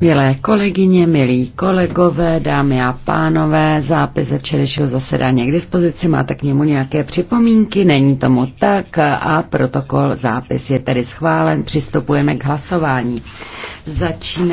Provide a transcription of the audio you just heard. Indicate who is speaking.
Speaker 1: Milé kolegyně, milí kolegové, dámy a pánové, zápis ze včerejšího zasedání k dispozici. Máte k němu nějaké připomínky? Není tomu tak a protokol zápis je tedy schválen. Přistupujeme k hlasování.
Speaker 2: Začíná